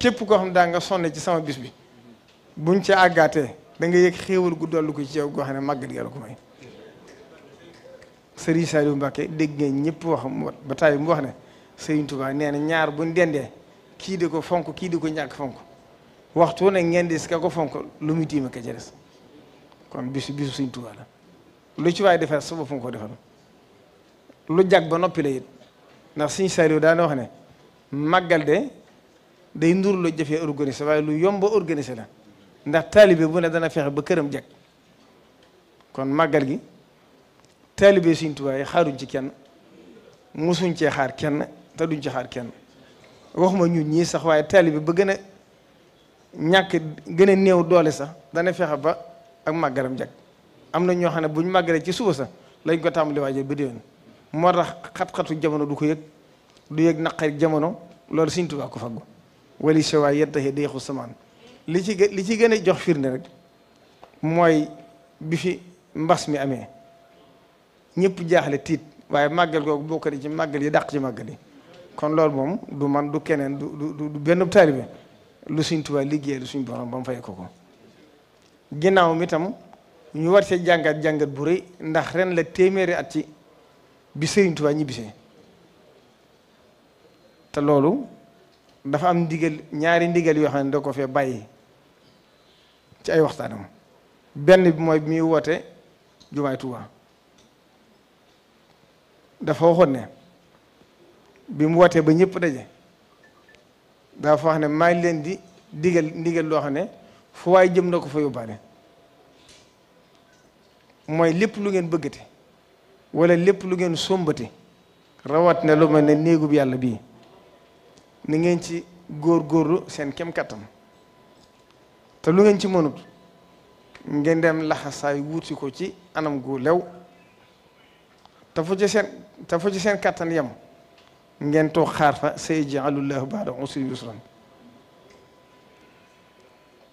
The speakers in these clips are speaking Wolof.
képp koo xam daa nga sonne ci sama bis bi bu ca àggaatee da nga yëg xéewal gu dollu ko ci yow goo xam ne màggat gi ko may Serigne Saliou Mbacké dégg ngeen ñëpp wax ba tey mu wax ne Serigne Touba nee na ñaar buñ dendee kii ko fonk kii ko ñàkk fonk waxtu ne ngeen dis ko fonk lu muy tiima ka ca kon bisu bisu Serigne Touba ci waay defar sa boppam ko defal ba noppi ndax Serigne Saliou daana wax ne màggal de day ndur lu jafee organiser waaye lu yomb organiser la ndax taalibe bu ne dana fexe ba këram jag kon màggal gi taalibe Sëriñ Tuubaa xaaruñ ci kenn mosuñ cee xaar kenn te duñ ci xaar kenn waxuma ñu ñii sax waaye taalibe ba gën a ñàkk gën néew doole sax dana fexe ba ak màggaram jag am na ñoo xam ne buñ màggalee ci suba sax lañ ko tàmbali waajal ba déwén moo tax xat-xatu jamono du ko yëg du yëg naqari jamono loolu Sëriñ Tuubaa ko faggu wali sewaay yettaxi day xu samaan li ci li ci gën a jox firnde rek mooy bi fi mbas mi amee ñëpp jaaxle tiit waaye màggal googu bokk na ci màggal yi daq ci màggal yi kon loolu moom du man du keneen du du benn taalibe lu suñ Tuubaa liggéey lu suñ borom ba mu fay ko ko ginnaaw mi tam ñu war see jàngat jàngat bu réy ndax ren la téeméeri at ci bi Sëriñ Tuubaa ñibbisee te loolu dafa am ndigal ñaari ndigal yoo xam ne da ko fee bàyyi ci ay waxtaanam benn bi mooy bi muy woote jumaay Tuubaa dafa waxoon ne bi mu wootee ba ñëpp daje dafa wax ne maa ngi leen di digal ndigal loo xam ne fu waay jëm na ko fa yóbbaale mooy lépp lu ngeen bëggate wala lépp lu ngeen sombate rawat ne lu mel ne néegub yàlla bii ni ngeen ci góor góorlu seen kem kattan te lu ngeen ci mënut ngeen dem laxasaay wuuti ko ci anam gu lew te fu ci seen te fu ci seen kattan yem ngeen toog xaar fa sayaj'alullaahu ba'da usrin yusran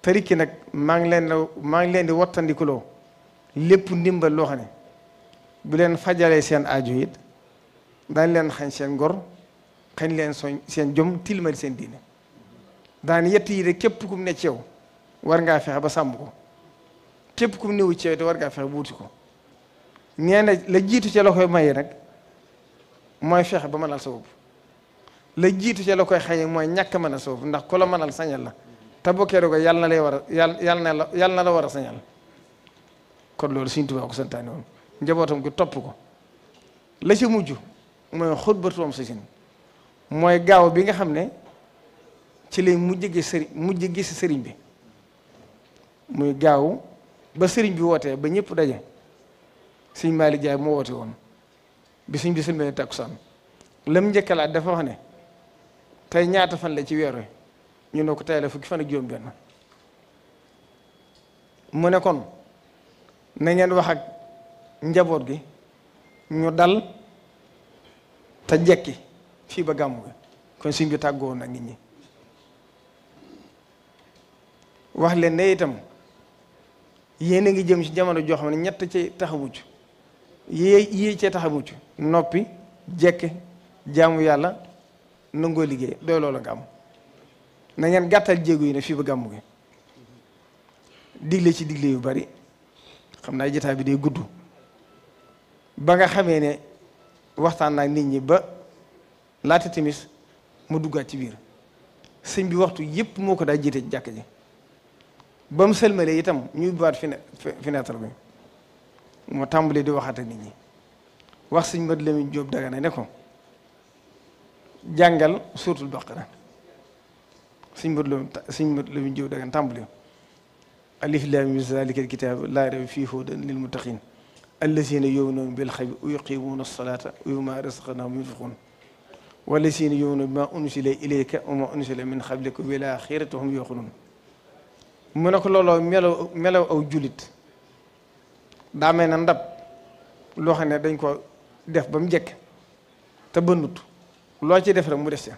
tariki nag maa ngi leen maa ngi leen di wattandikuloo lépp ndimbal loo ne bu leen fajalee seen aajo it dañ leen xañ seen ngor xañ leen soñ seen jom tilmal seen diine daani yett yi de képp kum ne ci yow war ngaa fexe ba sàmm ko képp kum néewu ci yow de war ngaa fexe ba wuti ko nee la jiitu ca la koy maye nag mooy fexe ba mënal sa bopp la jiitu ca la koy xañe mooy ñàkk a mënal sa ndax ku la mënal sañal la te bokkee ko yàlla na lay war a yàlla na la la war a sañal kon loolu Sëriñ Tuubaa ko santaane woon njabootam gi topp ko la ci mujj mooy xutbatu am sa sin mooy gaaw bi nga xam ne ci lay mujj gis sëriñ mujj gis sëriñ bi muy gaaw ba sëriñ bi wootee ba ñëpp daje sëñ Malick Jaay mu woote woon bi sëñ bi sëlmee takkusaan lam njëkkalaat dafa wax ne tey ñaata fan la ci weeru ñu ne ko tey la fukki fan ak juróom benn mu ne kon na ngeen wax ak njaboot gi ñu dal te jekki fii ba gàmmu gi kon suñ bi tàggoo nag nit ñi wax leen ne itam yéen a ngi jëm ci jamono joo xam ne ñett ci tax a mucc yée yée ci tax mucc noppi jekke jaamu yàlla nangoo liggéey dooy loola nga am na ngeen gàttal jéego yi ne fii ba gàmmu gi digle ci digle yu bari xam naa jotaay bi day gudd ba nga xamee ne waxtaan naa nit ñi laata timis mu duggaat ci biir sëñ bi waxtu yépp moo ko daa jiite ci jàkk ji ba mu sëlmalee itam ñu baat fenêtre bi mu tàmbalee di waxaat nit ñi wax sëñ Mat Lamin Jóob Dagana ne ko jàngal suuratul baqara sëñ Mat Lamin sëñ Mat Lamin Jóob Dagana tàmbalee alif laam miim zaalika al-kitaab laa rayba fiihi hudan lil muttaqiin allaziina yu'minuuna bil-ghaybi wa yuqiimuuna as-salaata wa mimmaa razaqnaahum yunfiquun wala siin yu'minuuna bimaa unzila ilayka wa maa unzila min qablika wal aaxirati hum yuuqinuun mu ne ko looloo melo melaw aw julit daa mel na ndab loo xam ne dañ ko def ba mu njëkk te bënnut loo ci def rek mu des ca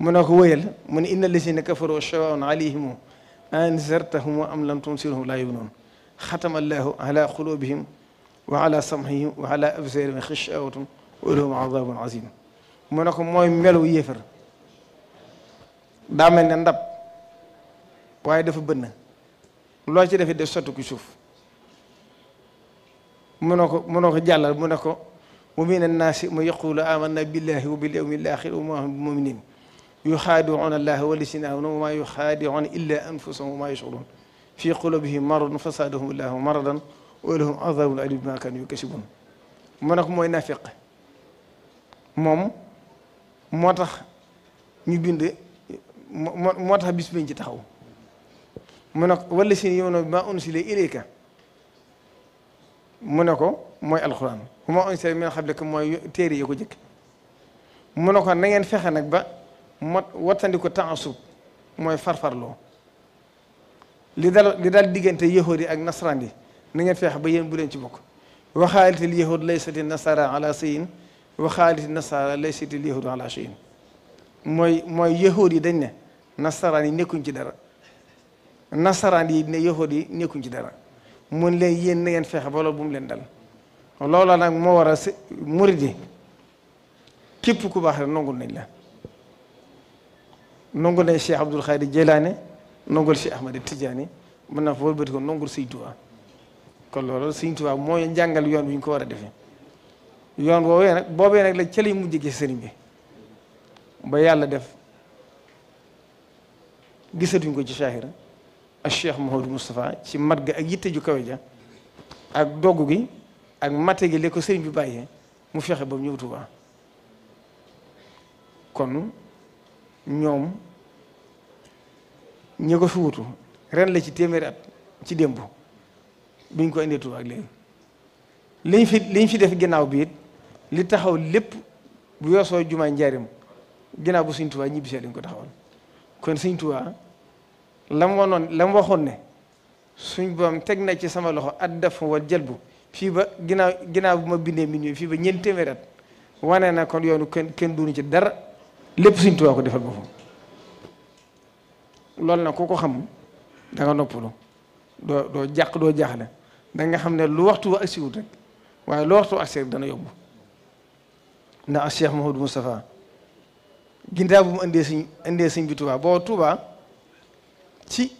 mu ne ko wëyal mu ne inna lazina kafaru sawaa'un alayhim anzartahum am lam tunzirhum laa yu'minuun xatama allahu ala qulubihim wa ala sam'ihim wa ala absaarihim wa lahum azabun azim mu ne ko mooy melu yéefar daa mel ne ndab waaye dafa bënn loo ci defee def sotti ku suuf mu ne ko mu ne ko jàllal mu ne ko wa min annaasi man yaqulu amanna billahi wa bil yawmil axir wa ma hum bi muminin yuxaadicuuna allaha wa lasina amanu wa ma yuxaadicuuna illa anfusahum wa ma yashcuruun fi qulubihim maradun fasaadahum allahu maradan wa lahum azabun alim bima kaanu yukasibuun mu ne ko mooy nafiq moom moo tax ñu bind moo tax bis biñ ci taxaw mu ne ko wala seen yow maa unsila ilayka mu ne ko mooy alxuraan bu ma unsila min xablika mooy téere yi ko jëkk mu ne ko na ngeen fexe nag ba mot wattandi ko taasub mooy farfarloo li dal li daal diggante yahood yi ak nasaraan yi na ngeen ba yéen bu leen ci bokk waxaalitil yahood laysati nasara ala sayin waxaaliti nasara lay siti liyahudu ala cheyin mooy mooy yahuud yi dañ ne nasaraan yi nekkuñ ci dara nasaraan yi ne yahuud yi nekkuñ ci dara mun leen yéen na ngeen fexe ba loolu bu leen dal loola nag moo war a murid yi képp ku baax rek nongul nañ la nongul nañ Cheikh Abdoul Khadir Jeylaane nongul Cheikh Ahmad Tidiane mën naa fa wëlbati ko nongul Sëñ Tuubaa kon loolu Sëñ Tuubaa mooy yoon bi ñu ko war a defee yoon woowee nag boobee nag la cëli mujj gis sëriñ bi ba yàlla def gisatuñ ko ci saahira ak Cheikh Mouhamadou Moustapha ci mat ga ak yitte ju kawe ja ak dogg gi ak mate gi li ko sëriñ bi bàyyee mu fexe ba mu ñëw Tuubaa kon ñoom ñi ko fi wutu ren la ci téeméeri at ci démb bi ñu ko indee ak léegi liñ fi liñ fi def ginnaaw bi li taxaw lépp bu weesoo jumaa njaarim ginnaaw bu sëñ Tuubaa ñibbisee lañ ko taxawal kon sëñ Tuubaa lam waxoon ne suñ boom teg na ci sama loxo at def wal jëlbu fii ba ginnaaw bu ma bindee min yooyu fii ba ñeenti téeméer wane na kon yoonu kenn kenn duñu ci dara lépp sëñ Tuubaa ko defal boppam loolu nag ku ko xam da nga noppalu doo doo jàq doo jaaxle da nga xam ne lu waxtu wa agsiwut rek waaye lu waxtu agsi rek dana yóbbu ndax Cheikh Mouhamadou Moustapha ginaaw bu mu indee suñ indee suñ bi Touba boo Touba ci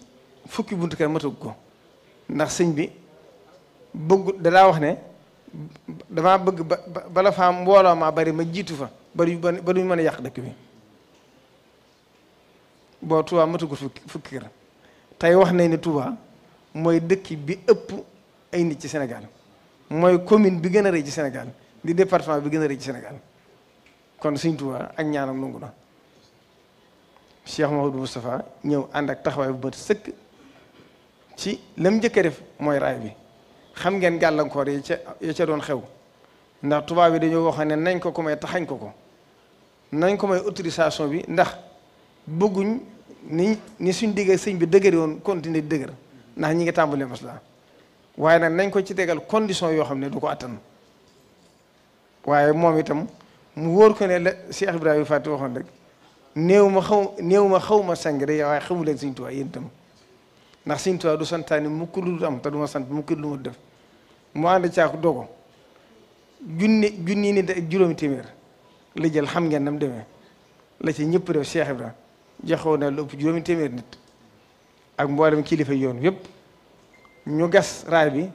fukki buntu kër matag ko ndax sëñ bi bëgg dalaa wax ne damaa bëgg ba bala faa mbooloo maa bari ma jiitu fa ba duñ ba duñ mën yàq dëkk bi boo Touba matagul fukki fukki kër tey wax nañ ne Touba mooy dëkki bi ëpp ay nit ci Sénégal mooy commune bi gën a rëy ci Sénégal di département bi gën a rëy ci Sénégal kon Sëñ Tuubaa ak ñaanam nangu na Cheikh Mouhamadou Moustapha ñëw ànd ak taxawaay bu bët sëkk ci lam njëkk def mooy raay bi xam ngeen gàllankoor yi ca yi ca doon xew ndax tubaab yi dañoo wax ne nañ ko ko may taxañ ko ko nañ ko may autorisation bi ndax bëgguñ ni ni suñ diggee sëñ bi dëgër woon continuer di dëgër ndax ñi ngi tàmbalee maslaa waaye nag nañ ko ci tegal condition yoo xam ne du ko attan waaye moom itam mu wóor ko ne la Cheikh Ibrahima Faty waxoon rek néew ma xaw néew ma xaw ma sang rek waaye xamu leen Sëñ Tuubaa yéen itam ndax Sëñ Tuubaa du santaani mukk lu am du ma sant def mu ànd caaku dogo junni junni nit ak juróomi téeméer la jël xam ngeen nam demee la ñëpp def Cheikh na lu ëpp téeméer nit ak mboolem kilifa yoon yëpp ñu gas raay bi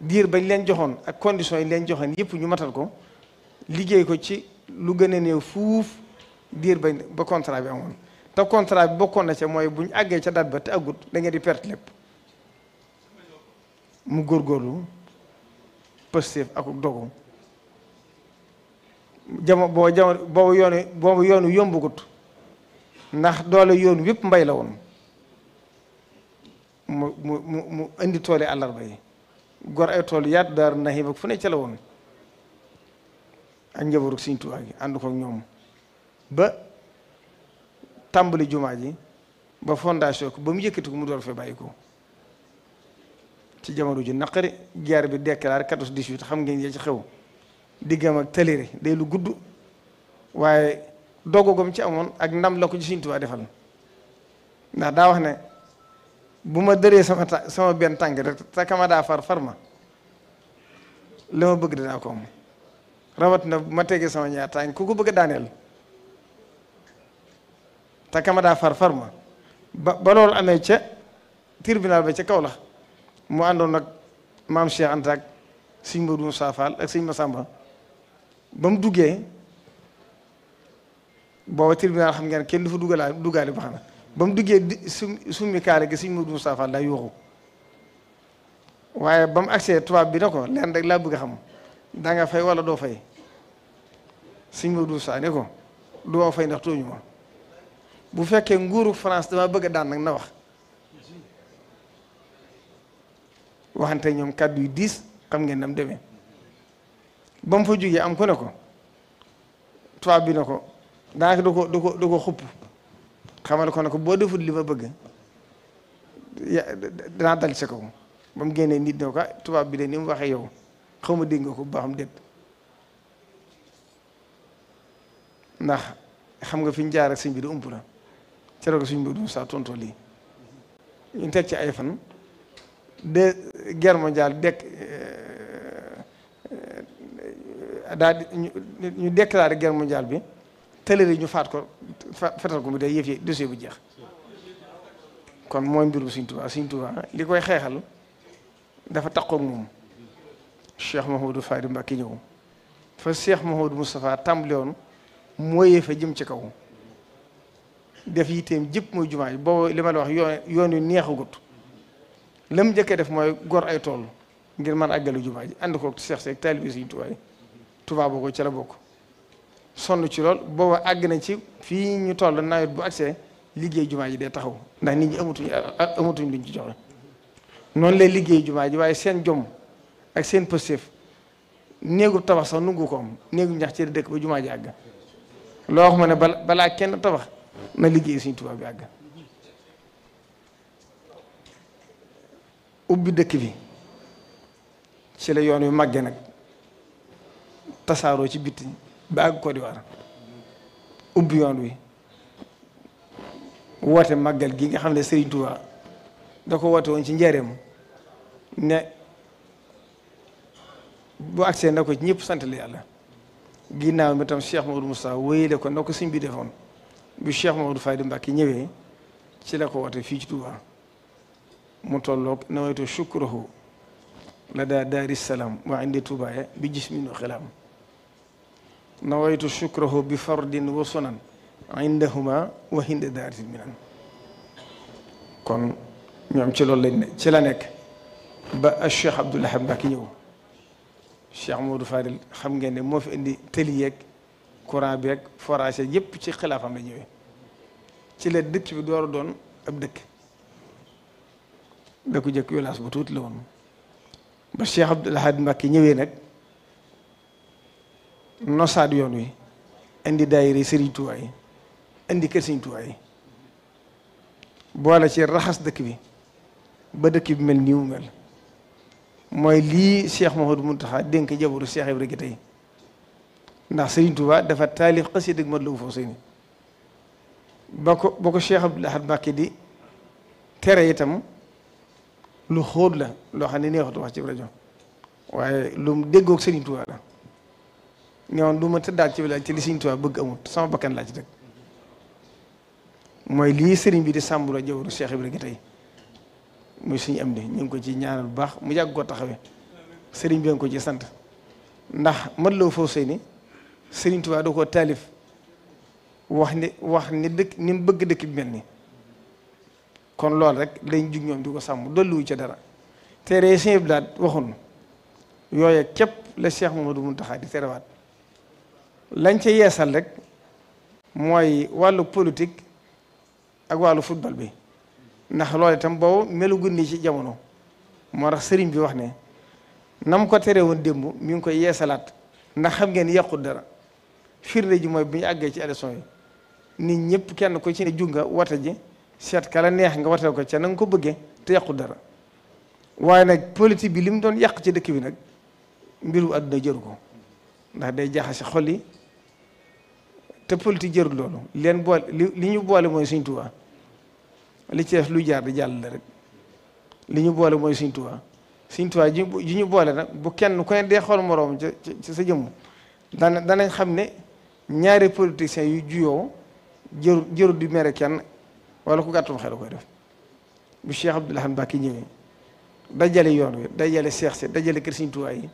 diir bañ leen joxoon ak conditions yi leen joxoon yëpp ñu matal ko. liggéey ko ci lu gën a néew fuuf diir ba ba contrat bi amoon te contrat bi bokkoon na ca mooy bu ñu àggee ca date ba te àggut da ngeen di perte lépp mu góorgóorlu pësteef ak dogu jamo boobu yoonu boobu yombugut ndax doole yoonu wépp mbay la woon mu mu mu indi toole àllarba yi gor ay tool yaat daar ndax yi fu ne ca la woon ak njabootu Sëriñ Tuubaa ñoom ba tàmbali jumaa ji ba fondation ba mu yëkkati ko mu door fee bàyyi ko ci jamono ju naqari guerre bi déclaré 14 18 xam ngeen ya ci xew diggam ak tëlëri day lu gudd waaye doggagum ci amoon ak ndam la ko ci Sëriñ defal ndax daa wax ne bu ma dëree sama ta sama benn tànk rek te kama daa far far ma li ma bëgg dinaa ko rawat na bu ma tegee sama ñaar tànk ku ko bëgg a daaneel te kama daa far far ma ba ba amee ca tribunal ba ca kaw la mu àndoon nag maam Cheikh Anta ak sëñ Modou Moussa Fall ak sëñ Massamba ba mu duggee booba tribunal xam ngeen kenn du fa dugalaa dugaale ba ba mu duggee sum summi gi sëñ Modou Moussa Fall daa yuuxu waaye ba mu agsee tubaab bi na ko leen rek laa bëgg a xam danga fay wala doo fay sëñ Maodo Moussa ne ko du ma fay nax tooñu ma bu fekkee nguuru France dama bëgg a daan nag na wax waxante ñoom kàddu yu diis xam ngeen nam deme ba mu fa jógee am ko ne ko tubaab bi ne ko daanaka da ko da ko da ko xupp ko ne ko boo deful li ma bëgg ya danaa dal sa kaw ba mu génnee nit ne ko ah, tubaab bi de ni mu waxee yow xaw ma dégg nga ko baaxam déet ndax xam nga fi ñu jaar ak sëñ bi di ump la ca roog tontoo lii ñu teg ci ay fan de guerre mondiale eh, ñu déclaré guerre mondiale bi tëlëri ñu faat ko fetal ko mu dee bu jeex kon mooy mbirum Sëñ Tuubaa li koy xeexal dafa takkook moom Cheikh Mahoudou Fadi Mbacké ñëw fa Cheikh Mahoudou Moustapha tàmbale woon mooyee fa jëm ci kaw def yitteem jëpp mooy jumaa yi boobu li la wax yoon yoon yu neexagut lam njëkkee def mooy gor ay tool ngir mën àggalu jumaa ji ànd koog seex seeg taalibe Sëriñ Tuubaa yi Tuubaa boo ko ca la bokk sonn ci lool booba àgg na ci fii ñu toll nawet bu agsee liggéey jumaa ji day taxaw ndax nit ñi amatuñ amatuñ luñ ci joxe noonu lay liggéey jumaa ji waaye seen jom ak seen pësteef néegu tabax sax nungu ko am néegu ñax ci dëkk ba jumaa ji àgg loo ma ne bala kenn tabax na liggéey suñ tubaab bi ubbi dëkk bi ci yoon yu màggee nag tasaaroo ci bitti ba àgg Côte d'Ivoire ubbi yoon wi woote màggal gi nga xam ne Serigne Touba da ko woote woon ci njaareem ne boo agsee na ko ci ñëpp sant la yàlla ginnaaw mi tam Cheikh Maodo Moussa ko na ko sëñ bi defoon bu Cheikh Maodo Fadi Mbacke ci la ko woote fii ci Touba mu tolloog nawaytu shukruhu la daa daari salaam wa indi Touba bi jismin wa xilaam nawaytu shukruhu bi fardin wa sunan indahuma wa hinda daaritil minan kon ñoom ci loolu lañ ne ci la nekk ba Cheikh Abdoul Ahad Mbacke ñëw Cheikh Modou Fadil xam ngeen ne moo fi indi tëli yeeg courant bi ak forage yëpp ci xilaafam la ñëwee ci la dëkk bi door a doon ab dëkk da ko jëkk wilaas bu tuuti la woon ba Cheikh Abdoul Ahad Mbacké ñëwee nag nosaat yoon wi indi daayira Serigne Touba yi indi kër Serigne Touba yi boole ci raxas dëkk bi ba dëkk bi mel nii mu mel. mooy lii Cheikh Mouhamadou Mountakha dénk jabaru Cheikh Ibra gi tey ndax Serigne Touba dafa taalif xasida ak Matlabul Fawzayni ba ko ba ko Cheikh Abdoul Ahad Mbacké di tere itam lu xóot la loo xam ne neexatu wax ci rajo waaye lu mu déggoo ak Serigne la ne woon lu ma daal ci village ci li Serigne Touba bëgg amut sama bakkan laa ci dëkk mooy lii Serigne bi di sàmbura jabaru Cheikh Ibra gi tey muy suñu am di ñu ngi ko ci ñaanal bu baax mu yàgg koo taxawee sëriñ bi nga ko ci sant ndax mën loo foo sëy ni sëriñ Tuubaa da koo taalif wax ni wax ni dëkk ni bëgg dëkk bi mel ni kon loolu rek lañ jug ñoom di ko sàmm dolliwu ca dara teere sëñ bi daal waxoon yooye képp la Cheikh Mamadou Mountakha di terewaat lañ ci yeesal rek mooy wàllu politik ak wàllu football bi ndax loolu itam boobu melu gunni ci jamono moo rax sëriñ bi wax ne nam ko tere woon démb mi ngi koy yeesalaat ndax xam ngeen yàqul dara firnde ji mooy bu ñu àggee ci élection yi nit ñëpp kenn ku ci ne jug nga wata ji seet kala neex nga wateel ko ca na nga ko bëggee te yàqul dara waaye nag politique bi li mu doon yàq ci dëkk bi nag mbiru àdduna jëru ko ndax day jaxase xol yi te politique jërul loolu leen boole li ñu boole mooy Sëriñ Tuubaa li ci des lu jaar di jàll la rek li ñu boole mooy Sëñ Tuubaa Sëñ Tuubaa ji ji ñu boole nag bu kenn ku ne dee xool moroom ca ca sa jëmm dana danañ xam ne ñaare politiciens yu juyoo jëru jëru di mere kenn wala ku gàttum xel koy def bu Cheikh Abdoul Ahad Mbacké ñëwee dajale yoon wi dajale seex si dajale kër Sëñ Tuubaa yi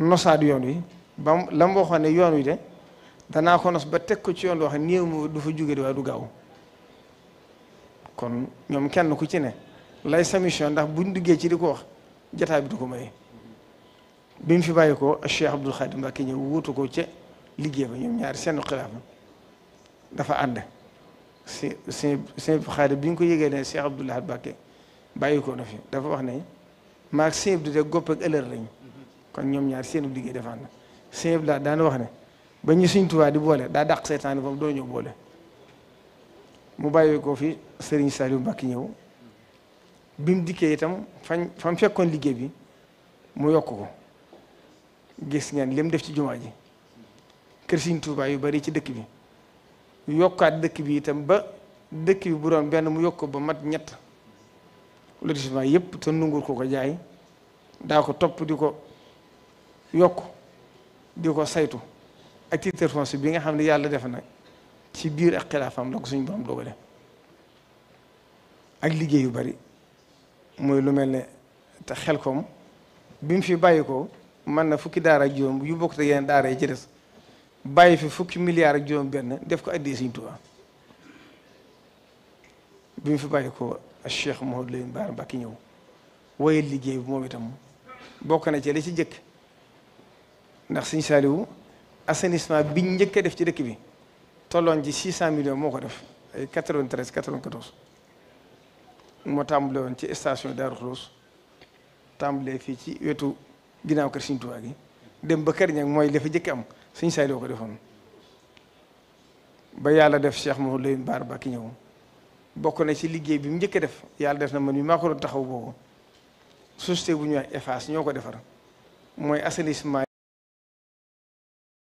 nosaat yoon wi ba la mu ne yoon wi de danaa ko nos ba teg ko ci yoon wax néew ma du fa jóge di waaye du gaaw kon ñoom kenn ku ci ne lay sa mission ndax buñ duggee ci di ko wax jataay ko maye bi mu fi bàyyi ko Cheikh Abdoul Khadim Mbacké ñëw wuutu ko ca liggéey ba ñoom ñaar seen xilaaf dafa ànd si si si bi ñu ko yëgee ne Cheikh Abdoul Ahad Mbacké bàyyi ko na fi dafa wax ne maag sëñ bi de gopp ak ëllëg lañu kon ñoom ñaar seen liggéey dafa ànd sëñ laa daal daana wax ne ba ñu Sëñ Tuubaa di boole daa dàq seytaane boobu doo ñëw boole. mu bàyyi ko fi sëriñ Serigne Saliou Mbacké ñëw bi mu dikkee itam fañ fam fekkoon liggéey bi mu yokk ko gis ngeen li mu def ci jumaa ji kër Serigne Touba yu bari ci dëkk bi yokkaat dëkk bi itam ba dëkk bi bu benn mu yokk ba mat ñett lotissement yëpp te nungur ko ko jaay daa ko topp di ko yokk di ko saytu ak titre bi nga xam ne yàlla def na ci biir ak xilaafam la ko suñu borom dogale ak liggéey yu bari mooy lu mel ne te xel koom bi mu fi bàyyi ko man na fukki daara ak juróom yu bokk te yeneen daara yi ci des bàyyi fi fukki milliards ak juróom benn def ko addee Sëriñ Tuubaa bi mu fi bàyyi ko Cheikh Mouhamadou Lamine Bara Mbacké ñëw woye liggéey bi moom itam bokk na ci li ci jëkk ndax Sëriñ Saaliwu assainissement bi njëkk a def ci dëkk bi tolloon ji 600 millions moo ko def ay 93 94 moo tàmbale woon ci station Darou Khoudoss tàmbalee fii ci wetu ginnaaw kër Sëriñ Tuubaa gi dem ba kër ñag mooy li fa jëkk am Sëriñ Saliou ko defoon ba yàlla def Cheikh Mouhamadou Lamine ba Mbacké ñëw bokk na ci liggéey bi mu njëkk a def yàlla def na man mi maa ko taxaw boobu société bu ñuy wax EFAS ñoo ko defar mooy assainissement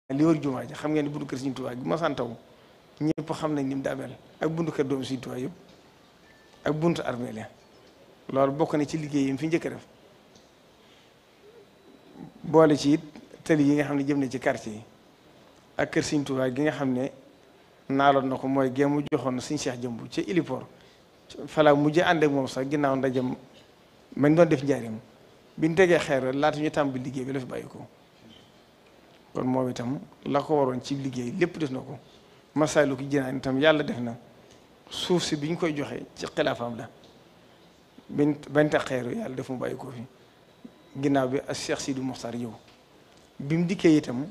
li xam ne bu dul kër Sëriñ Tuubaa ñëpp xam nañ ni mu daa ak buntu kër doom Sëriñ Tuubaa yëpp ak buntu armeel loolu bokk na ci liggéey yi fi njëkk def boole ci it tëli yi nga xam ne jëm na ci quartier yi ak kër Sëriñ Tuubaa gi nga xam ne naaloon na ko mooy géemu joxoon na Sëriñ Seex Jëmbu ci héliport fala mujj ànd ak moom sax ginnaaw ndajam mañ doon def njaarim biñ tegee xeer laata ñu bi liggéey bi la fi bàyyi ko kon moom itam la ko waroon ci liggéey lépp def na ko Masaalikul Jinaan itam yàlla def na suuf si biñ koy joxe ci xilaafam la bañ bañ taxeeru yàlla def mu bàyyi ko fi ginnaaw bi ak Cheikh Sidi Mokhtar yow bi mu itam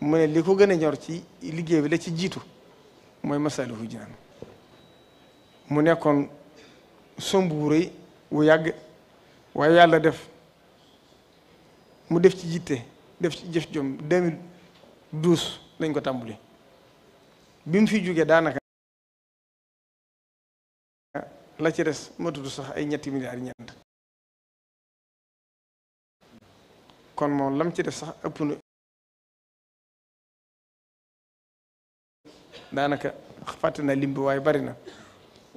mu li ko gën a ñor ci liggéey bi la ci jiitu mooy Masaalikul Jinaan mu nekkoon somb wu rëy wu yàgg waaye yàlla def mu def ci jiite def ci jëf jom 2012 lañ ko tàmbali bi mu fi jógee daanaka la ci des ma sax ay ñetti milliards ñeent kon moom lam ci des sax ëpp na daanaka fàtte na lim waaye bari na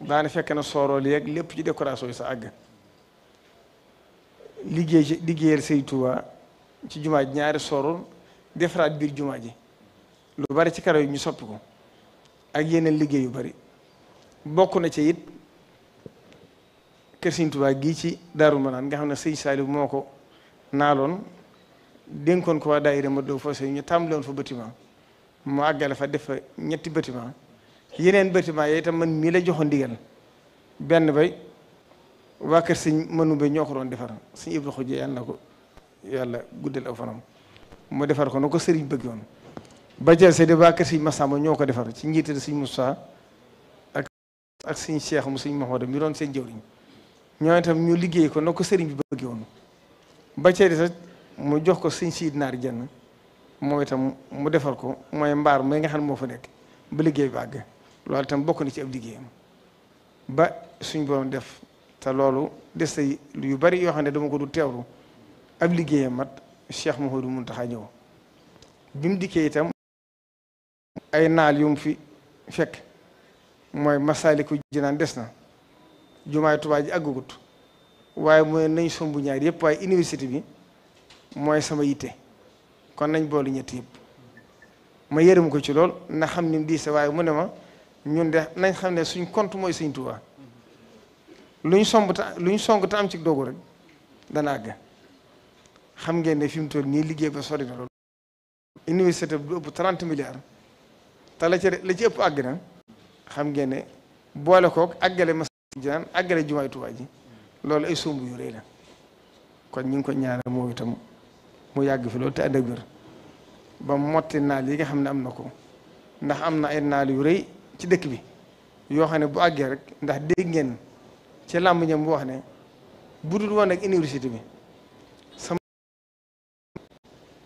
daana fekk na soorool yeeg lépp ci décoration yi sa àgg liggéey ci liggéeyal Sëriñ ci jumaa ji ñaari soorool defaraat biir jumaa ji lu bari ci karo yi ñu soppi ko ak yeneen liggéey yu bari bokk na ci it kër Sëñ Tuubaa gii ci Daaru Manaan nga xam ne sëñ Saliou moo ko naaloon dénkoon ko waa daayira ma doo foo ñu tàmbaloon fa bâtiment mu àggale fa def fa ñetti bâtiment yeneen bâtiment yooyu itam man mii la joxoon ndigal benn bay waa kër sëñ mënu ba ñoo ko doon defar sëñ Ibra Xujje yàlla na ko yàlla guddal aw fanam mu defar ko na ko sëriñ bëgg woon ba jelse di waa kër sëñ ma ñoo ko defar ci njiital siñ Moussa ak ak sëñ Cheikh mu sëñ Mahooda mi doon seen jëwriñ ñoo itam ñu liggéey ko na ko sëriñ bi bëggee woon ba cee di mu jox ko siñ siid naar jenn moom itam mu defar ko mooy mbaar may nga xam ne moo fa nekk ba liggéey bi àgg loolu itam bokk na ci ab liggéeyam ba suñ borom def te loolu des tay yu bari yoo xam ne dama ko du teewlu ab liggéeyam mat Cheikh du mun taxaa ñëw bi mu dikkee itam ay naal yum fi fekk mooy Masaalikul Jinaan des na jumaay Tuubaa ji àggagut waaye mu nañ sombu ñaar yëpp waaye université bi mooy sama yitte kon nañ boolu ñett yëpp ma mu ko ci lool na xam ni diise waaye mu ne ma ñun de nañ xam ne suñ compte mooy Sëñ Tuubaa luñ somb ta luñ song ta am ci dogu rek dana àgg xam ngeen ne fi mu toll nii liggéey ba sori na lool université bu ëpp 30 milliards te la ci la ci ëpp àgg na xam ngeen ne boole kook àggale Massalikul Jinaan àggale jumaay Tuubaa ji loolu ay sumb yu rëy la kon ñu ngi ko ñaanal moom itam mu yàgg fi loolu te ànd ak wér ba motti naal yi nga xam ne am na ko ndax am na ay naal yu rëy ci dëkk bi yoo xam ne bu àggee rek ndax dégg ngeen ci làmb ñam bu wax ne bu dul woon ak université bi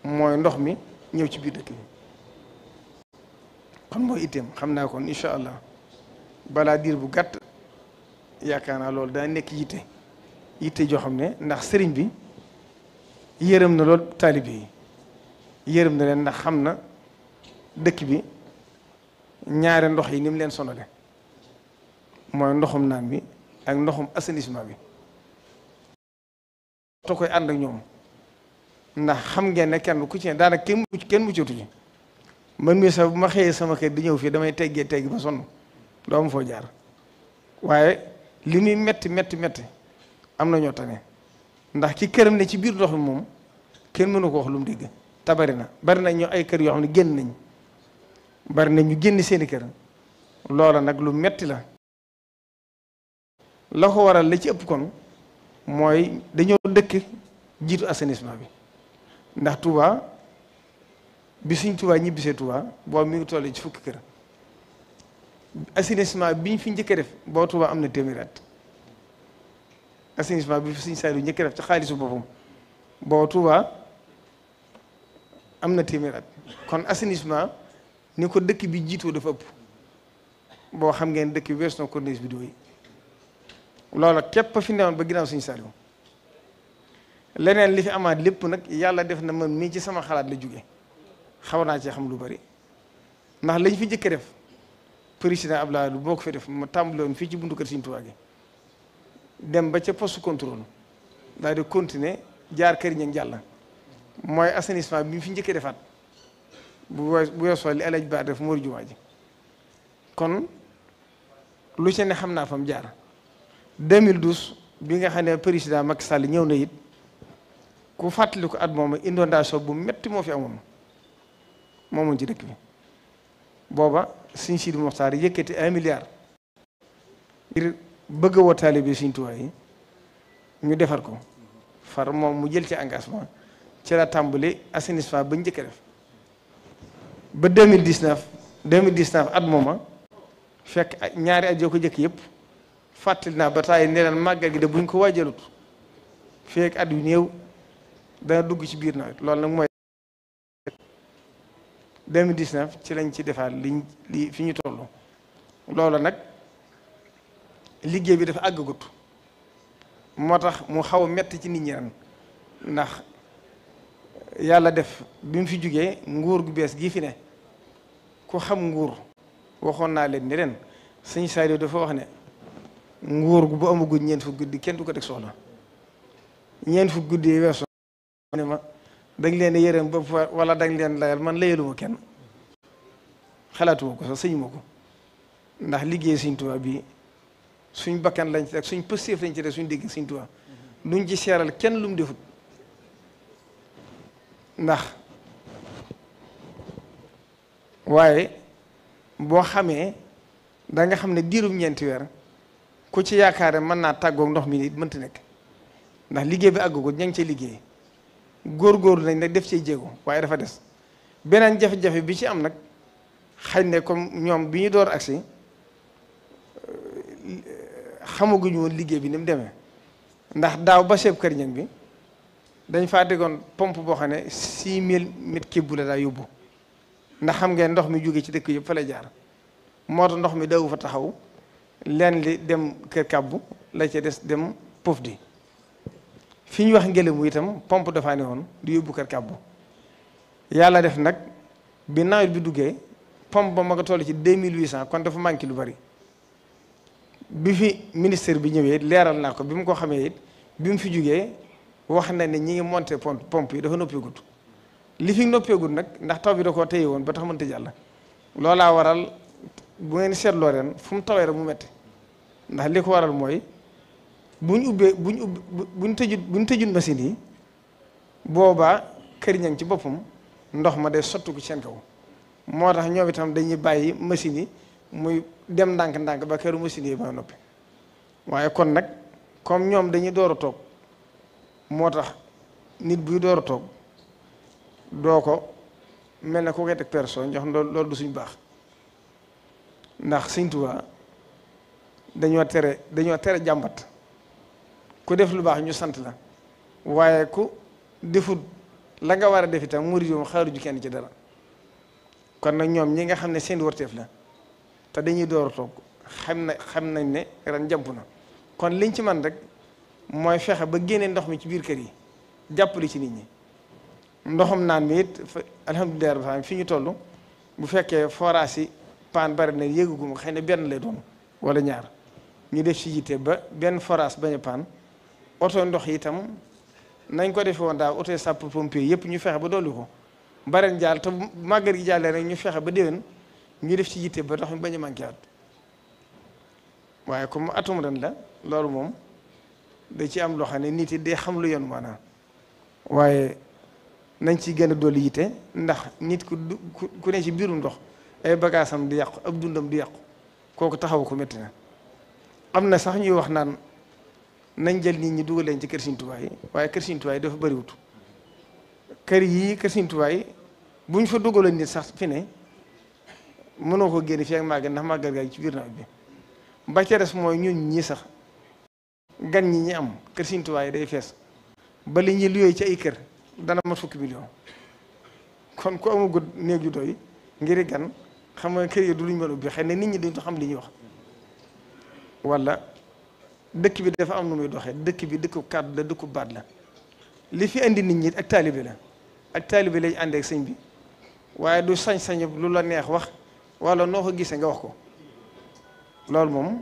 mooy ndox mi ñëw ci biir dëkk bi kon mooy itteem xam naa kon incha allah balaa diir bu gàtt yaakaar naa loolu daa nekk yitte yitte joo xam ne ndax sëriñ bi yërëm na lool taalibe yi yërëm na leen ndax xam na dëkk bi ñaare ndox yi ni mu leen sonale mooy ndoxum naan bi ak ndoxum assainissement bi te koy ànd ak ñoom ndax xam ngeen ne kenn ku ci ne daanaka kenn mucc kenn muccatu ci mën mii sax bu ma xëyee sama kër di ñëw fii damay teggee tegg ba sonn doo am foo jaar waaye li muy metti metti metti am na ñoo tane ndax ki këram ne ci biir ndox mi moom kenn mënu ko wax lu mu dégg te na bari nañ ñu ay kër yoo xam ne génn nañ bari na ñu génn seeni kër loola nag lu metti la la ko waral la ci ëpp kon mooy dañoo dëkk jiitu assainissement bi ndax Touba bi suñ Touba ñibbisee Touba boo mi ngi toll ci fukki kër assainissement bi ñu fi njëkk a def boo Touba am na téeméeri at bi fi suñ Saliou njëkk def ci xaalisu boppam boo am na téeméeri kon assainissement ni ko dëkk bi jiitoo dafa ëpp boo xam ngeen dëkk bi wees na corniche bi dooy loola képp fi newoon ba ginnaaw suñ Saliou leneen li fi amaat lépp nag yàlla def na man mii ci sama xalaat la jóge xaw naa ci xam lu bari ndax lañ fi njëkk a def président Abdoulaye lu moo ko fi def ma tàmbale woon fii ci buntu kër Sëriñ waa gi dem ba ca post contrôle daal di continuer jaar kër ñeeg jàll mooy assainissement bi mu fi njëkkee defaat bu bu weesoo li alaj ba def mooy jumaa ji kon lu ci ne xam naa fa mu jaar 2012 bi nga xam ne président Macky Sall ñëw na it ku fàttali ko at moom indondation bu metti moo fi amoon mu ci dëkk bi booba Sëñ Sidi Moxtaar yëkkati un milliard ngir bëgg woo taalibe Sëñ Tuubaa yi ñu defar ko far moom mu jël ci engagement ci la tàmbali assainissement ba njëkk def ba 2019 2019 at mooma fekk ñaari at yoo ko jëkk yëpp fàttali naa ba taay ne leen màggal gi de buñ ko waajalut fekk at yu néew dana dugg ci biir nawet loolu nag mooy 2019 ci lañ ci defaat liñ li fi ñu toll loolu nag liggéey bi dafa àggagut moo tax mu xaw a metti ci nit ñi ren ndax yàlla def bi mu fi jógee nguur gu bees gii fi ne ku xam nguur waxoon naa leen ni ren sëñ Sadio dafa wax ne nguur gu bu amagul ñeent fu guddi kenn du ko teg soxla ñeent fu guddi weesu ne ma dañ leen yërëm ba wala dañ leen layal man layaluma kenn xalaatuma ko sax sëñuma ko ndax liggéey Sëñ Tuubaa bi suñ bakkan lañ ci rek suñ pësteef lañ ci rek suñ dégg Sëñ Tuubaa luñ ci seeral kenn lu mu defut ndax waaye boo xamee danga xam ne diirum ñeenti weer ku ci yaakaare mën naa tàggook ndox mi nit mënti nekk ndax liggéey bi àggu ko ña ngi ca liggéey góor góorgóorlu nañ nag def ci jéego waaye dafa des beneen jafe-jafe bi ci am nag xañ ne comme ñoom bi ñu door agsi euh, xamaguñu woon liggéey bi ni mu demee ndax daaw ba seeb kër ñang bi dañ faa déggoon pompe boo xam ne six mille mètres cubes la daa yóbbu ndax xam ngeen ndox mi jóge ci dëkk yëpp fa la jaar moo tax ndox mi dawu fa taxaw leen li dem kër kàbbu la ca des dem pof di fi ñu wax ngelaw itam pompe dafa ne woon di yóbbu kër kàbbu yàlla def nag bi nawet bi duggee pompe ba ma ko toll ci deux mille huit cent kon dafa manqué lu bari bi fi ministère bi ñëwee leeral naa ko bi mu ko xamee it bi mu fi jugee wax na ne ñi ngi monte pompe pompe yi dafa noppeegut li fi noppeegut nag ndax taw bi da koo téye woon ba tax mënta jàll loolaa waral bu ngeen seetloo ren fu mu tawee rek mu metti ndax li ko waral mooy. bu ñu ubbee bu ñu ubbee bu ñu tëjut bu ñu tëjut machine yi boobaa kër ñang ci boppam ndox ma day sotti ko seen kaw moo tax ñoom itam dañuy bàyyi machine yi muy dem ndànk-ndànk ba këru machine yi ba noppi waaye kon nag comme ñoom dañuy door a toog moo tax nit buy door a toog doo ko mel na ku koy person personne jox loolu du suñ baax ndax Sëñ Tuubaa dañoo tere dañoo tere jàmbat ku def lu baax ñu sant la waaye ku defut la nga war a def itam murid moom xaaruju kenn ci dara kon nag ñoom ñi nga xam ne seen worteef la te dañuy door a toog xam na xam nañ ne ren jàmp na kon liñ ci man rek mooy fexe ba génnee ndox mi ci biir kër yi jàppale ci nit ñi ndoxum naan mi it alhamdulilah rabbil alamin fi ñu toll bu fekkee forage yi paan bari na yéegagum xëy na benn lay doon wala ñaar ñu def ci yitte ba benn forage bañ paan oto ndox yi itam nañ ko defee woon daa oto sàpp pompier yëpp ñu fexe ba dolli ko bareen jaal te màggal gi jàllee rek ñu fexe ba déwén ñu def ci yitte ba ndox mi bañ a manqué at waaye comme atum ren la loolu moom da ci am loo xam ne nit yi day xam lu yoon waaye nañ ci gën a dolli yitte ndax nit ku ku ne ci biirum ndox ay bagaasam di yàqu ab dundam di yàqu kooku taxaw ko métti na am na sax ñuy wax naan. nañ jël nit ñi dugal leen ci kër Sëriñ Tuubaa waaye kër Sëriñ Tuubaa dafa bëriwut kër yii kër Sëriñ Tuubaa buñ fa dugaloon nit sax fi ne mënoo ko génne fii ak màggal ndax màggal gaa ci biir nawet bi ba ca des mooy ñun ñii sax gan ñi ñi am kër day fees ba li ñuy luyee ci ay kër dana mat fukki million kon ku amagul néeg yu doy ngir gan xam nga kër yi du luñ mën a ubbi na nit ñi duñ ko xam li ñuy wax wala. dëkk bi dafa am nu muy doxee dëkk bi dëkku kàddu la dëkku baat la li fi indi nit ñi ak taalibe la ak taalibe lañ àndeek ak sëñ bi waaye du sañ-sañu lu la neex wax wala noo ko gisee nga wax ko loolu moom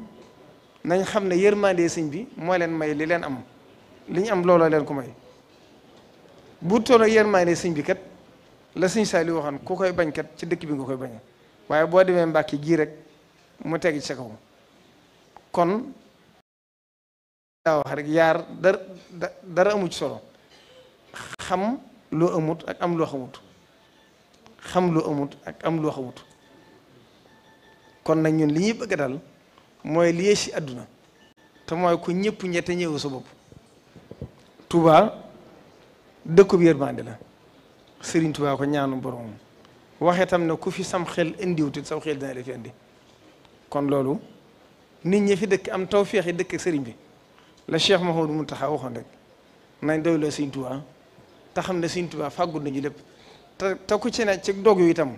nañ xam ne yërmandee sëñ bi moo leen may li leen am li am looloo leen ko may bu tolloo yërmandee sëñ bi kat la sëñ li waxoon ku koy bañ kat ci dëkk bi nga koy bañ waaye boo demee Mbàkke gii rek mu teg ci sa kaw kon. daa wax yaar dara dara amu solo xam loo amut ak am loo xamut xam loo amut ak am loo xamut kon nag ñun li ñuy bëgg dal mooy li ci àdduna te mooy ku ñëpp ñette ñëwu sa bopp Touba dëkkub yërmande la Serigne Touba ko ñaanu borom waxe tam ne ku fi sam xel indiwutit saw xel dina la fi indi kon loolu nit ñi fi dëkk am tawféex yi dëkk ak Serigne bi la Cheikh Mouhamadou Mountakha waxoon rek nañ doyloo Sëñ Tuubaa te xam ne Sëñ Tuubaa fàggul nañu lépp te te ku ci ne ci dog yu itam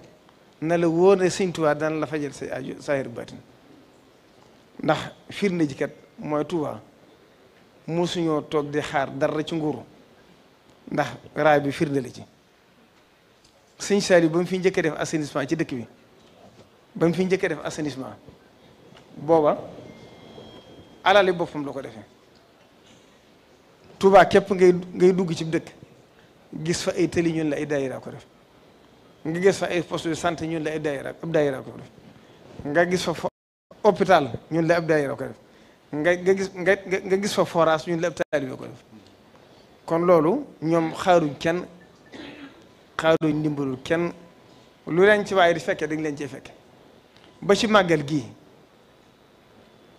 na la wóor ne Sëñ Tuubaa daan la fajal sa aju saahir baatin ndax firnde ji kat mooy Tuubaa mosuñoo toog di xaar dara ci nguuru ndax raay bi firnde la ci Sëñ Saliou ba mu fi njëkk def assainissement ci dëkk bi ba fi njëkk def assainissement booba alali boppam la ko defee. tubaa képp ngay ngay dugg ci dëkk gis fa ay tëli ñun la ay daayira ko def nga gis fa ay poste de santé ñun la ay daayira ab def nga gis fa fo hôpital ñun la ab daayira ko gis nga nga gis fa forage ñun la ab taalibe ko kon loolu ñoom xaaruñ kenn xaaruñ ndimbalul kenn lu leen ci waaye di fekkee dañ leen cee fekke ba ci màggal gii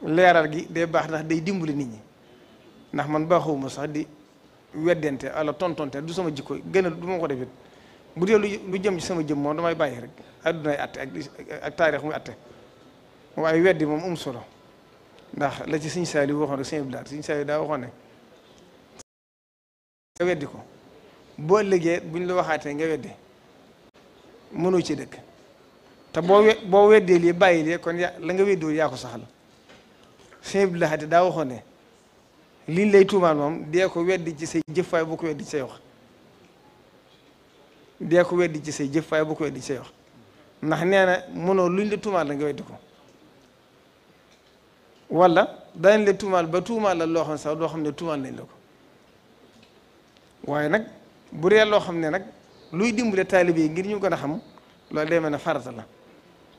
leeral gi day baax ndax day dimbali nit ñi ndax man ma sax di weddente ala tontonte du sama jikko gën a du ma ko defit bu dee lu jëm ci sama jëm moom damay bàyyi rek addunay atte ak ak taarix muy atte waaye weddi moom um solo ndax la ci Sëñ Saaliw waxoon rek Sëñ Abdou Lahad Sëñ Saaliw daa waxoon ne ko boo buñ la waxaatee nga weddi mënoo ci dëkk te boo boo weddee lii bàyyi lii kon la nga weddoo yaa ko saxal Sëñ Abdou Lahad daa waxoon ne liñ lay tuumaal moom dee ko weddi ci say jëf waaye bu ko weddi ci say wax dee ko weddi ci say jëf waaye bu ko weddi ci say wax ndax nee na mënoo luñ la tuumaal la nga weddi ko wala danañ la tuumaal ba tuumaal la loo xam ne sax doo xam ne tuumaal nañ la ko waaye nag bu dee loo xam ne nag luy dimbale taalib yi ngir ñu gën a xam loolu day mel ne farata la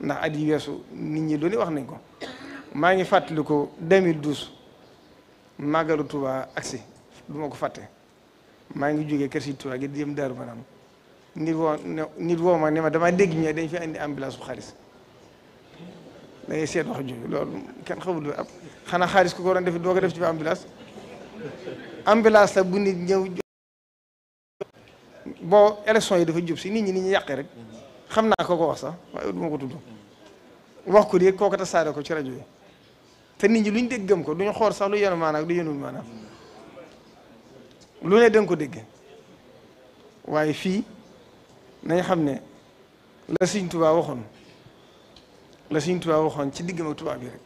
ndax at yi weesu nit ñi doon wax nañ ko maa ngi fàttali ko 2012. màggalu Touba agsi du ma ko fàtte maa ngi jógee kër si Touba gi di dem Daaru Manam nit woo nit woo ma ne ma damaa dégg ñu dañ fi andi ambulance bu xaalis da ngay seet wax jooju loolu kenn xamul lu ab xanaa xaalis ku ko doo ko def ci ambulance ambulance la bu nit ñëw boo yi dafa jub si nit ñi nit ñi rek xam naa ko ko wax sax waaye du ko tudd wax ko de kooku tasaare ko ci rajo yi te nit ñi luñ dégg gëm ko ñu xool sax lu yenu maanaam lu yenul maanaam lu ne danga ko dégg waaye fii nañ xam ne la Sëñ Tuubaa waxoon la Sëñ Tuubaa waxoon ci diggam ak tubaab bi rek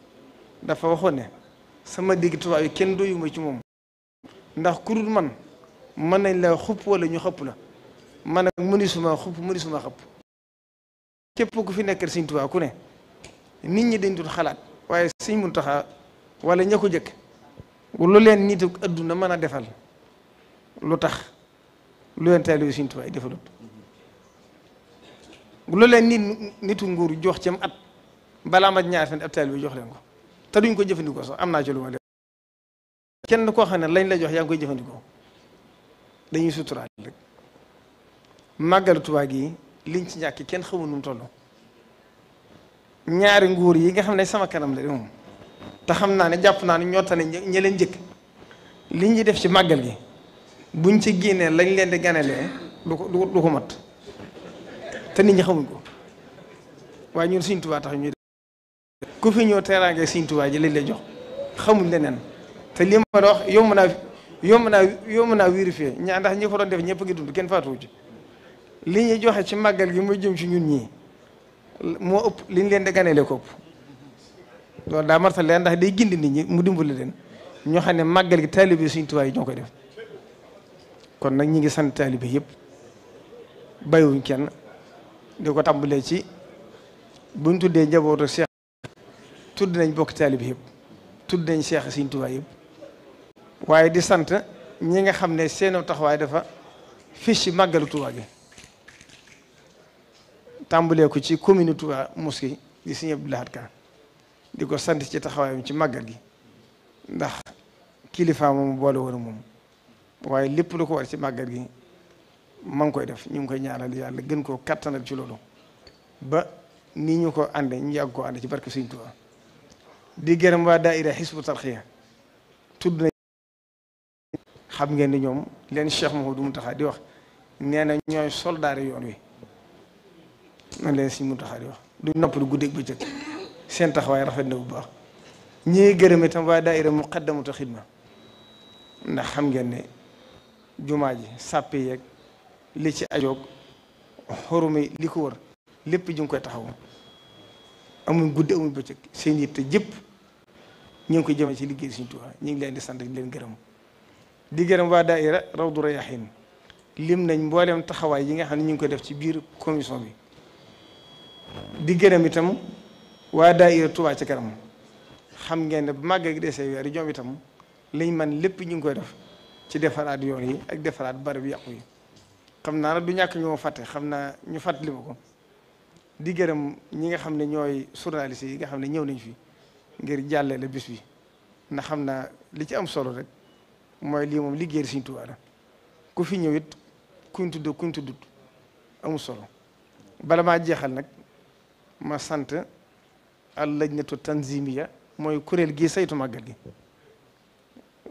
dafa waxoon ne sama digg tubaab yi kenn doyuma ci moom ndax ku dul man mën nañ la xupp wala ñu xëpp la man ak mënisuma xupp mënisuma xëpp képp ku fi nekkal Sëñ Tuubaa ku ne nit ñi dañ dul xalaat waaye sëñ Muntaxa wala ña ko jëkk lu leen nit adduna mën a defal lu tax lu leen taalibe Sëñ Tuubaa defalut lu leen nit nitu nguur jox ci at balaa ma ñaar fan ab taalibe jox leen ko te duñ ko jëfandikoo sax am naa ci lu ma kenn koo xam ne lañ la jox yaa ngi koy jëfandikoo dañuy suturaal rek màggalu Tuubaa gi liñ ci ñàkk kenn xamul nu mu toll. ñaari nguur yi nga xam ne sama kanam la di moom te xam naa ne jàpp naa ne ñoo tane ñi leen njëkk li ñuy def ci màggal gi buñ ci génnee lañ leen di ganalee du ko ko mat te nit ñi xamuñ ko waaye ñun Sëñ Tuubaa tax ñuy def ku fi ñëw teraange Sëñ Tuubaa ji lañ lay jox xamuñ leneen te li ma la wax yomb naa yomb naa yomb naa vérifier ñaa ndax ñi ko doon def ñëpp ngi dund kenn faatuwu ci li ñuy joxe ci màggal gi muy jëm ci ñun ñi moo ëpp li leen de ganeele ko ëpp loolu daa martal leen ndax day gindi nit ñi mu dimbali leen ñoo xam ne màggal gi taalibe suñu tuwaay ñoo koy def kon nag ñi ngi sant taalibe yëpp bàyyiwuñ kenn di ko tàmbalee ci buñ tuddee njabootu seex tudd nañ bokk taalibe yëpp tudd nañ seex suñu tuwaay yëpp waaye di sant ñi nga xam ne seen taxawaay dafa fis ci màggalu Tuubaa bi tàmbalee ko ci commune Touba Mosquée di Sëriñ Abdou Lahad Ka di ko sant ci taxawaayam ci màggal gi ndax kilifa moom boole woon moom waaye lépp lu ko war ci màggal gi ma ngi koy def ñu ngi koy ñaanal yàlla gën koo kattanal ci loolu ba nii ñu ko ànde ñu yàgg koo ànde ci barke Sëriñ Touba di gërëm waa daaira Hisbu Tarxiya tudd na xam ngeen ni ñoom leen Cheikh mu Mountakha di wax nee na ñooy soldaari yoon wi noonu leen suñ muntaxaa di wax duñ noppalu guddeeg bëccëg seen taxawaay rafet na bu baax ñi gërëm itam waa daayira muqaddamatu xidma ndax xam ngeen ne jumaa ji sàppe yeeg li ci ajoog xorumi li ko wër lépp ju ngi koy taxaw amuñ guddi amuñ bëccëg seen yitte jëpp ñu ngi koy jëmee ci liggéey Sëriñ Tuubaa ñu ngi leen di sant di leen gërëm di gërëm waa daayira Rawdu Rayaahiin lim nañ mboolem taxawaay yi nga xam ne ñu ngi koy def ci biir commission bi di gërëm itam waa daayira Touba ci kanam xam ngeen ne bu màggee gi desee weer yi ñoom itam liñ man lépp ñu ngi koy def ci defaraat yoon yi ak defaraat barab yàqu yi xam naa nag du ñàkk ñu ma fàtte xam naa ñu fàttali ma ko di gërëm ñi nga xam ne ñooy journaliste yi nga xam ne ñëw nañ fi ngir jàllale bis bi ndax xam naa li ci am solo rek mooy lii moom liggéey Sëriñ Tuubaa la ku fi ñëw it kuñ tudd kuñ tuddut amul solo bala maa jeexal nag ma sant al lajnatu tanzimiya mooy kuréel gi saytu màggal gi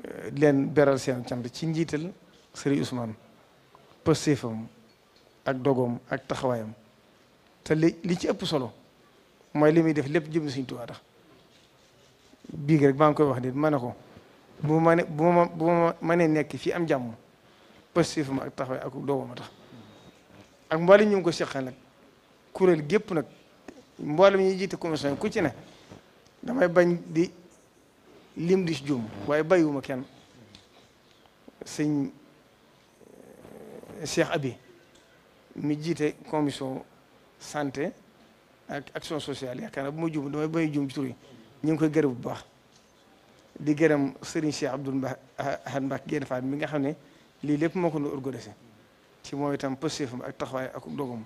eh, leen beral seen cant ci njiital sëriñ Ousmane pëstéefam ak dogom ak taxawaayam te li li ci ëpp solo mooy li muy def lépp jëm suñu Tuubaa tax biig rek baa ngi koy wax nit ma ne ko bu ma ne ma bu nekk fii am jàmm pëstéefam ak taxawaay ak dogoom a tax ak mboolem ñu ko seqal nag kuréel gépp nag mboole mboolem ñi jiite commission ku ci ne damay bañ di lim di juum waaye bàyyiwuma kenn sëñ eh, Cheikh Abi mi jiite commission santé ak action sociale yaakaar naa bu ma juum damay bañ jum ci ñu ngi koy gërëm bu baax di gërëm Serigne Cheikh Abdoul Ahad Mbacké Gaïndé Fatma mi nga xam ne lii lépp moo ko nu organisé ci moom itam positifam ak taxawaay ak dogam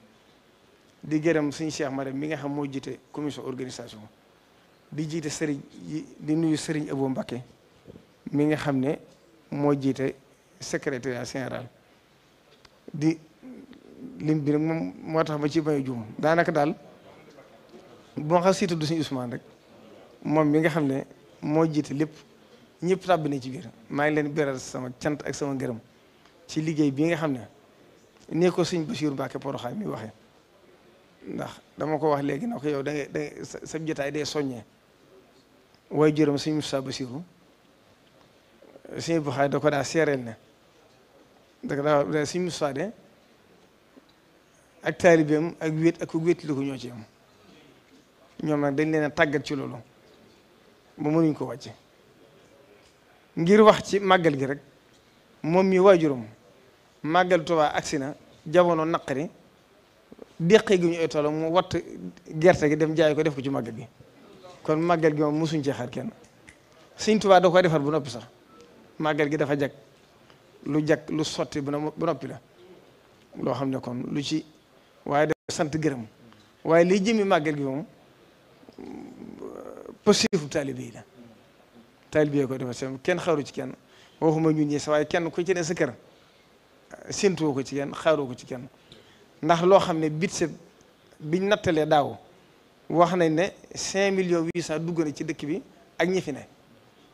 di gërëm suñu Cheikh Marème mi nga xam moo jiite commission organisation di jiite sëriñ di nuyu sëriñ Abo Mbakke mi nga xam ne moo jiite secrétariat général di lim bi nag moom moo tax ma ci bañ juum daanaka daal boo xam du suñu Ousmane rek moom mi nga xam ne moo jiite lépp ñëpp tàbbi na ci biir maa ngi leen beral sama cant ak sama gërëm ci liggéey bi nga xam ne nee ko suñ Basiiru Mbàkke Poroxaay mi waxee ndax dama ko wax léegi na ko yow da ngay da sa jotaay day soññee waaye juróom sëñ Moussa Bassirou sëñ Buxaari da ko daa seereel ne da ko de ak taalibeem ak wéet ku wéetli ñoo ci am ñoom nag dañ leen a tàggat ci loolu ba ko wàcce ngir wax ci màggal gi rek moom mi waajuram màggal Tuubaa agsi na jamono naqari déqee gi ñu ay toolam mu watt gerte gi dem jaay ko def ko ci màggal gi kon màggal gi moom mosuñ ci xaar kenn Sëñ Tuubaa da ko defar bu noppi sax màggal gi dafa jag lu jag lu sotti bu noppi la loo xam ne kon lu ci waaye dafa sant gërëm waaye liy jëmi màggal gi moom positif taalibe yi la taalibe yi defar seen kenn xaaru ci kenn waxuma ñun ñi sa waaye kenn ku ci ne sa kër séntuwoo ko ci kenn xaaroo ko ci kenn ndax loo xam ne budget biñ nattalee daaw wax nañ ne cinq millions huit cent dugg na ci dëkk bi ak ñi fi ne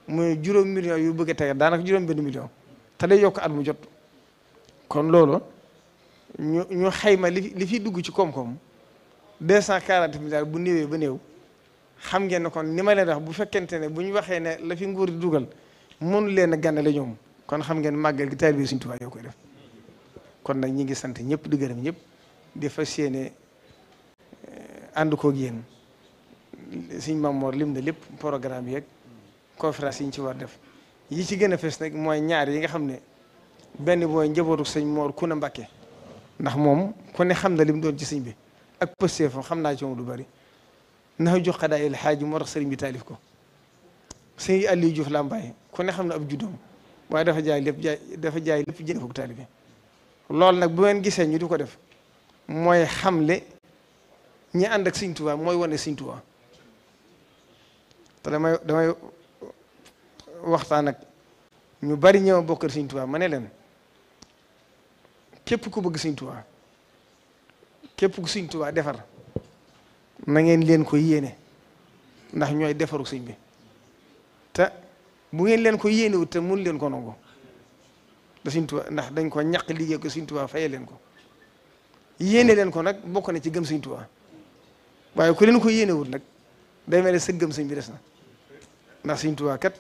mooy juróom millions yu bëgg a tege daanaka juróom benn million te la yokk at mu jot kon loolu ñu ñu xayma li li fiy dugg ci koom-koom deux cent quarante milliards bu néewee ba néew xam ngeen ne kon ni ma leen wax bu fekkente ne bu ñu waxee ne la fi nguur di dugal mënu leen a gànnale ñoom kon xam ngeen màggal gi taalibe Sëriñ Tuubaa yoo koy def kon nag ñi ngi sant ñëpp di gërëm ñëpp di fas yéene eh, ànd koog yéen suñ Mamoor lim na lépp programme yeeg conférence yi ñu ci war def yi ci gën a fes nag mooy ñaar yi nga xam ne benn booy njabootu sëñ Moor Kuna Mbàkke ndax moom ku ne xam na lim doon ci sëñ bi ak pëstee fam xam naa ci moom du bari ndax jox xadaa il xaaji moo tax sëriñ bi taalif ko sëñ Aliou Diouf Lambaye ku ne xam na ab juddoom waaye dafa jaay lépp dafa jaay lépp jënd ko taalif bi loolu nag bu ngeen gisee ñu di ko def mooy xamle ñi ànd ak Sëñ mooy wane Sëñ Tuubaa te damay damay waxtaan ak ñu bari ñëw bokkal Sëñ Tuubaa ma ne leen képp ku bëgg Sëñ Tuubaa képp ku Sëñ Tuubaa defar na ngeen leen ko yéene ndax ñooy defaru sëñ bi te bu ngeen leen ko yéenewut te mun leen ko nangu da Sëñ Tuubaa ndax dañ ko ñaq liggéey ko Sëñ Tuubaa faye leen ko yéene leen ko nag bokk na ci gëm sëñ Tuubaa waaye ku leen ko yéene wut nag day mel ne sa gëm sëñ bi des na ndax sëñ Tuubaa kat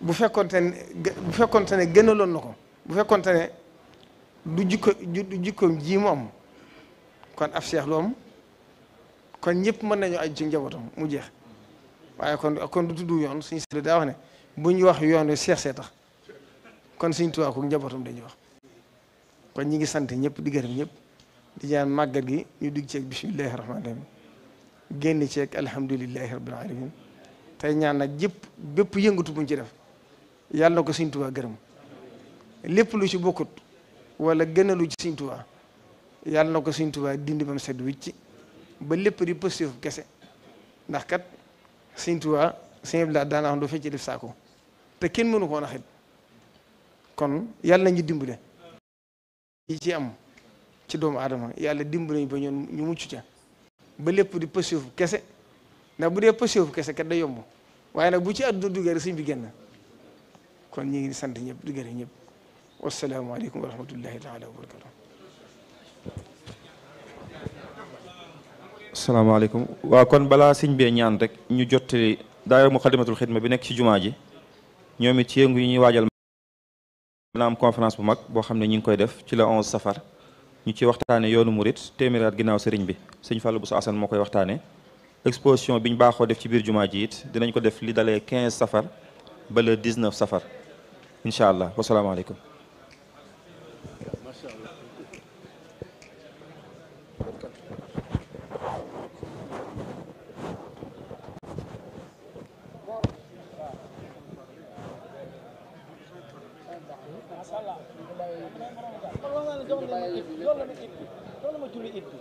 bu fekkonte ne bu fekkonte ne gënaloon na ko bu fekkonte ne du jikko du jikkoom ji mu am kon af seex lu am kon ñëpp mën nañu aju ci njabootam mu jeex waaye kon kon du tudd yoon suñu sëriñ daa wax ne bu ñu wax yoon wi seex see tax kon sëñ Tuubaa ko njabootam dañuy wax kon ñi ngi sant ñëpp di gërëm ñëpp di ñaan màggal gi ñu digg ceeg bismillahi rahmaani rahim génn ceeg alhamdulillahi rabbil alamin tey ñaan nag jëpp bépp yëngatu buñ ci def yàlla ko Sëñ Tuubaa gërëm lépp lu ci bokkut wala gënalu ci Sëñ Tuubaa yàlla ko Sëñ Tuubaa dindi bam sedd wicc ba lépp di positif kese ndax kat Sëñ Tuubaa sëñ bi laa du fecc def saako te kenn mënu koo naxit kon yàlla na ñu dimbale ci am ci doomu aadama yàlla dimbali ba ñu ñu mucc ca ba lépp di pësifu kese ndax bu dee pësifu kese kat da yomb waaye nag bu ci àdduna duggee rek suñ bi génn kon ñu ngi sant ñëpp di gërëm ñëpp wasalaamaaleykum wa rahmatullahi taala wa waaw kon balaa sëñ bee ñaan rek ñu jottali daayira Muxaddamatul Xidma bi nekk ci jumaa ji ñoom it ci yëngu yi ñuy waajal maanaam conférence bu mag boo xam ne ñu ngi koy def ci la 11 safar ñu ci waxtaane yoonu murit téeméer at ginnaaw sëriñ bi sëñ bu Bousso Assane moo koy waxtaanee exposition bi ñu baaxoo def ci biir jumaa ji it dinañ ko def li dalee 15 safar ba le 19 safar incha allah wasalaamaaleykum loolu la ma it loolu la ma it bi loolu la ma julli it bi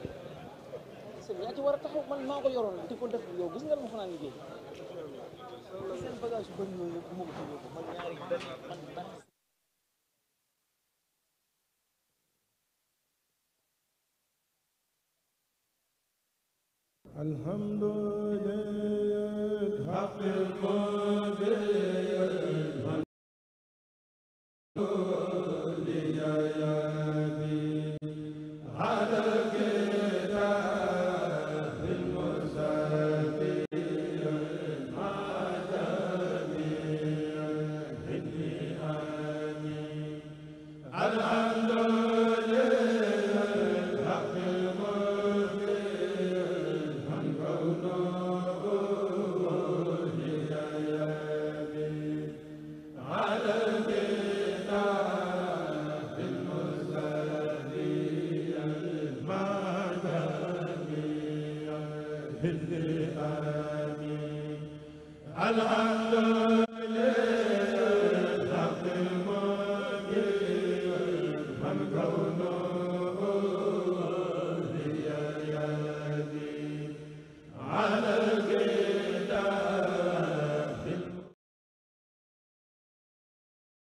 sëñ yaa ci war a taxaw man maa ko yoroon di ko def yow gis nga ma fanaan liggéey seen bagage yu bëri yooyu yëpp bu ma ko tuddee man ñaari benn man benn الحمد لله حق القدر الحمد لله